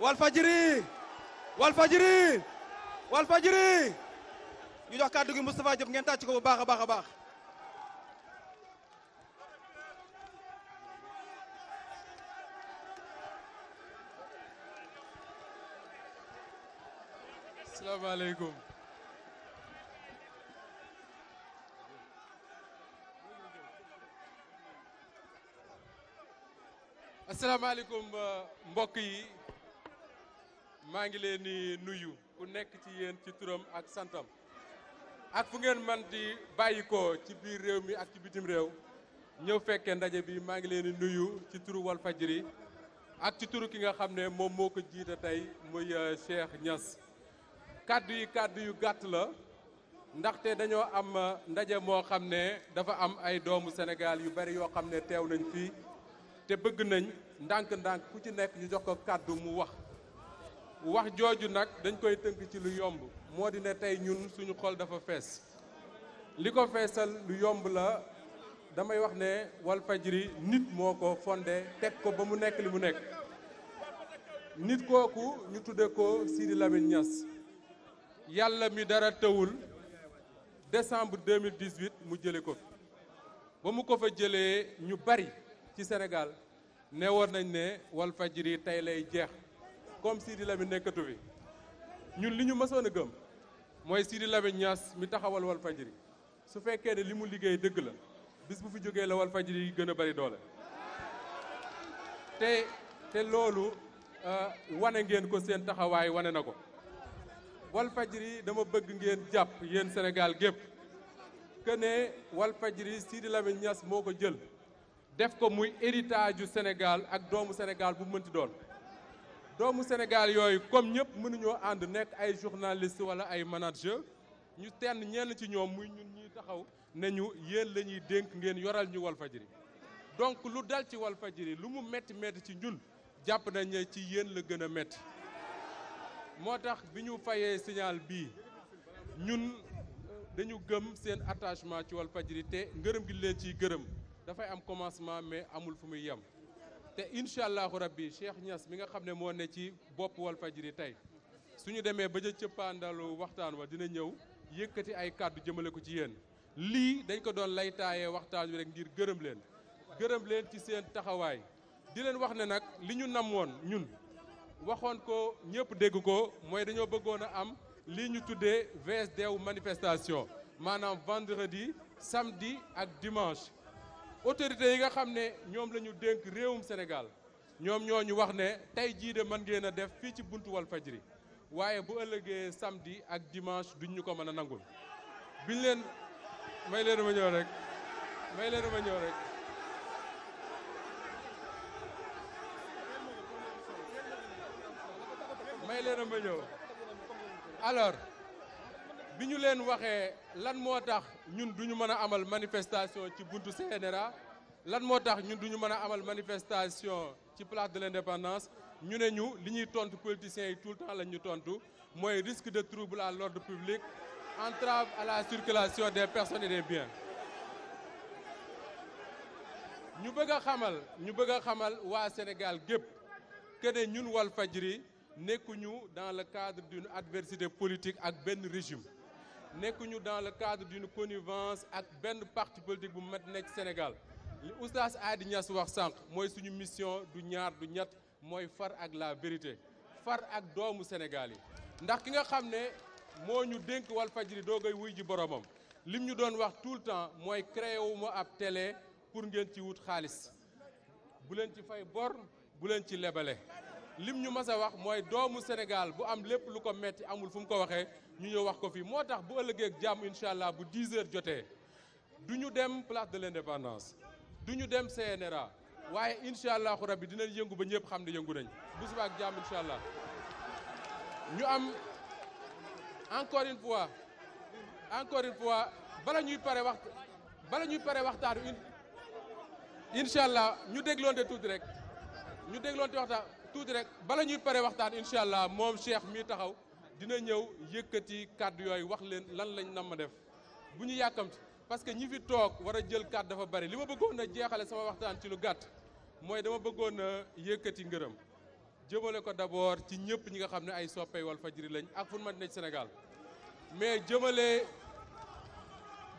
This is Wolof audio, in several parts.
Walfadjri Walfadjri Walfadjri ñu jox kàddu gi Moustapha Diop ngeen tàcc ko bu baax a baax a baax. asalaamaaleykum. mbokk yi. maa ngi leen di nuyu ku nekk ci yéen ci turam ak santam ak fu ngeen man di bàyyikoo ci biir réew mi ak ci bitim réew ñëw fekkee ndaje bi maa ngi leen di nuyu ci turu Walfadjri ak ci turu ki nga xam ne moom moo ko jiita tey muy euh, Cheikh ñas kàddu yi kàddu yu gàtt la ndaxte dañoo am euh, ndaje moo xam ne dafa am ay doomu Sénégal yu bari yoo xam ne teew nañ fi te bëgg nañ ndànk-ndànk ku ci nekk ñu jox ko kàddu mu wax wax jooju nag dañ koy tënk ci lu yomb moo di ne tey ñun suñu xol dafa fees li ko feesal lu yomb la damay wax ne Walfadjri nit moo ko fondé teg ko ba mu nekk li mu nekk nit kooku ñu tudde ko Sidi Lamine Niass yàlla mi dara tëwul décembre 2018 mu jële ko fi ba mu ko fa jëlee ñu bari ci Sénégal ne woon nañ ne Walfadjri tey lay jeex comme Sidi Lamine nekkatu fi ñun li ñu mësoon a gëm mooy Sidi Lamine Niass mi taxawal Walfadjri su fekkee ne li mu liggéey dëgg la bis bu fi jógee la Walfadjri yi gën a bari doole. te te loolu euh, wane ngeen ko seen taxawaay wane na ko Walfadjri dama bëgg ngeen jàpp yéen Sénégal gépp que ne Walfadjri Sidi Lamine Niass moo ko jël def ko muy héritage yu Sénégal ak doomu Sénégal bu mënti doon. doomu Sénégal yooyu comme ñëpp mënuñoo ànd nekk ay journaliste wala ay manager ñu tenn ñenn ci ñoom muy ñun ñuy taxaw ne ñu yéen la ñuy dénk ngeen yoral ñu Walfadjri donc lu dal ci Walfadjri lu mu métti métti ci ñun jàpp nañ ci yéen la gën a métti moo tax bi ñu fayee signal bi ñun dañu gëm seen attachement ci Walfadjri te ngërëm gi leen ciy gërëm dafay am commencement mais amul fu muy yem te incha rab bi Cheikh Niass bi nga xam ne moo ne ci bopp Walfadjri tey suñu demee ba ca cëppaandalu waxtaan wa dina ñëw yëkkati ay kàddu jëmale ko ci yéen lii dañ ko doon lay taayee waxtaan wi rek ngir gërëm leen gërëm leen ci seen taxawaay di leen wax ne nag li ñu nam woon ñun waxoon ko ñëpp dégg ko mooy dañoo bëggoon a am lii ñu tuddee VSD wu manifestation maanaam vendredi samdi ak dimanche autorités yi nga xam ne ñoom lañu ñu dénk réewum senegal ñoom ñoo ñu wax ne tey jiide de mën ngeen a def fii ci buntu Walfadjri waaye bu ëllëgee samedi ak dimaas duñ ñu ko mën a nangul biñ leen may leen ma ñëw rek may leen ma ñëw rek. may leen ma ñëw alors. bi ñu leen waxee lan moo tax ñun duñu mën a amal manifestation ci buntu CNRA lan moo tax ñun duñu mën a amal manifestation ci place de l'indépendance ñu ne ñu li ñuy tontu politiciens yi tout le lañ ñu tontu mooy risque de trouble à l'ordre public entrave à la circulation des personnes et des biens ñu bëgg a xamal ñu bëgg a xamal waa Sénégal gépp que ne ñun Walfadjri nekkuñu dans le cadre d'une adversité politique ak benn régime nekkuñu dans le cadre d'une connivence ak benn parti politique bu met nekk Sénégal li oustaz Adi Niass wax sànq mooy suñu mission du ñaar du ñett mooy far ak la vérité far ak doomu Sénégal yi ndax ki nga xam ne moo ñu dénk Walfadjri doogay wuy ji boromam lim ñu doon wax tout le temps mooy créé wu ab tele pour ngeen ci wut xaalis bu leen ci fay bor bu leen ci lebale lim ñu mas wax mooy doomu Sénégal bu am lépp lu ko metti amul fu mu ko waxee ñu ñëw wax ko fii moo tax bu ëllëgee ak jàmm incha allah bu 10 heures jotee du ñu dem place de l'indépendance du ñu dem CNRA waaye incha allahu bi dinañ yëngu ba ñëpp xam ne yëngu nañ bu subaa ak jàmm incha allah ñu am encore une fois encore bala ñuy pare wax bala ñuy pare waxtaan incha allah ñu dégloonte tuuti rek ñu dégloonte waxtaan. tuuti rek bala ñuy pare waxtaan incha allah moom Cheikh mii taxaw dina ñëw yëkkati kàddu yooyu wax leen lan lañ namm def bu ñu yàkkamti parce que ñi fi toog war a jël kàddu dafa bari li ma bëggoon a jeexale sama waxtaan ci lu gàtt mooy dama bëggoon a yëkkati ngërëm jëmale ko d'abord ci ñëpp ñi nga xam ne ay soppe soppey Walfadjri lañ ak fu ma nekk senegal mais jëmale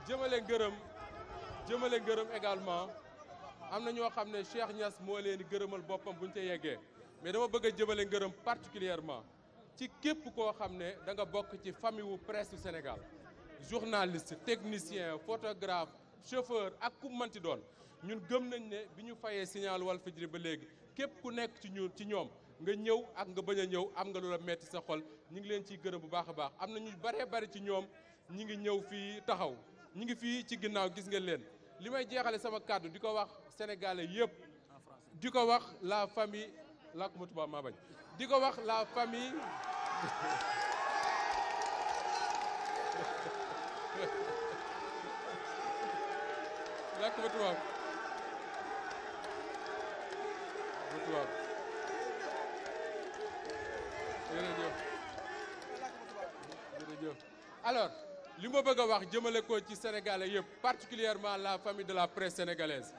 jëmale ngërëm jëmale ngërëm également am na ñoo xam ne Cheikh Niass moo leen gërëmal boppam bu ñu ca yeggee mais dama bëgg a jëmale ngërëm particulièrement ci képp koo xam ne da nga bokk ci famille wu presse Sénégal journaliste technicien photographe chauffeur ak ku mënti doon ñun gëm nañ ne bi ñu fayee signal Walfadjri ba léegi képp ku nekk ci ñun ci ñoom nga ñëw ak nga bañ a ñëw am nga loola metti sa xol ñu ngi leen ciy gërëm bu baax a baax am na ñu baree bari ci ñoom ñu ngi ñëw fii taxaw ñu ngi fii ci ginnaaw gis nga leen li may jeexale sama kàddu di ko wax sénégalais yëpp di ko wax la làkkuma tubaab maa bañ di wax la famille làkkuma tubaab ma tubaab jërëjëf jërëjëf alors li ma bëgg a wax jëmale ko ci sénégalais yëpp particulièrement la famille de la presse sénégalaise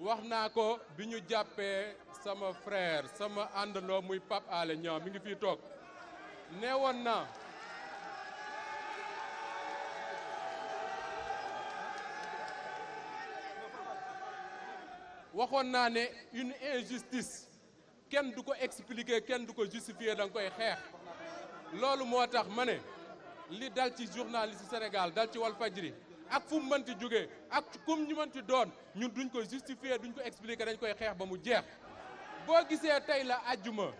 wax naa ko bi ñu jàppee sama frère sama àndandoo muy Pape Alé Niang mi ngi fii toog nee woon naa waxoon naa ne une injustice kenn du ko expliquer kenn du ko justifier da nga koy xeex loolu moo tax ma ne li dal ci journaliste Sénégal dal ci Walfadjri ak fu mu mënti jógee ak kum ñu mënti doon ñun duñ ko justifier duñ ko expliquer dañ koy xeex ba mu jeex boo gisee tey la àjjuma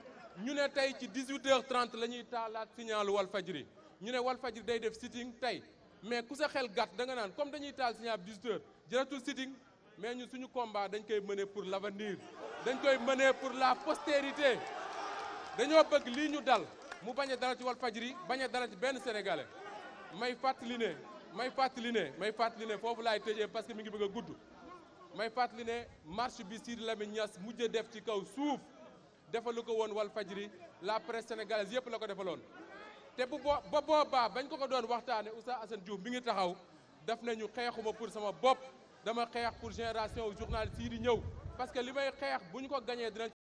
ñu ne tey ci 18h30 la ñuy taalaat signal Walfadjri ñu ne Walfadjri day def sitting tey mais ku sa xel gàtt danga naan comme dañuy taal signal 18h jëratul sitting mais ñun suñu combat dañ koy mener pour l'avenir dañ koy mënee pour la postérité dañoo bëgg lii ñu dal mu bañ a dara ci Walfadjri bañ a dara ci benn sénégalais may fàttali ne. may fàttali ne may fàttali ne foofu laay tëjee parce que mi ngi bëgg a gudd may fàttali ne marche bi Sidi Lamine Niass mujj def ci kaw suuf defalu ko woon wal fajri la presse sénégalaise yëpp la ko defaloon. te bu boo ba boobaa bañ ko ko doon waxtaane Oustaz Assane Diouf mi ngi taxaw daf nañu xeexuma pour sama bopp dama xeex pour génération journaliste yi di ñëw parce que li may xeex bu ñu ko gañee dinañ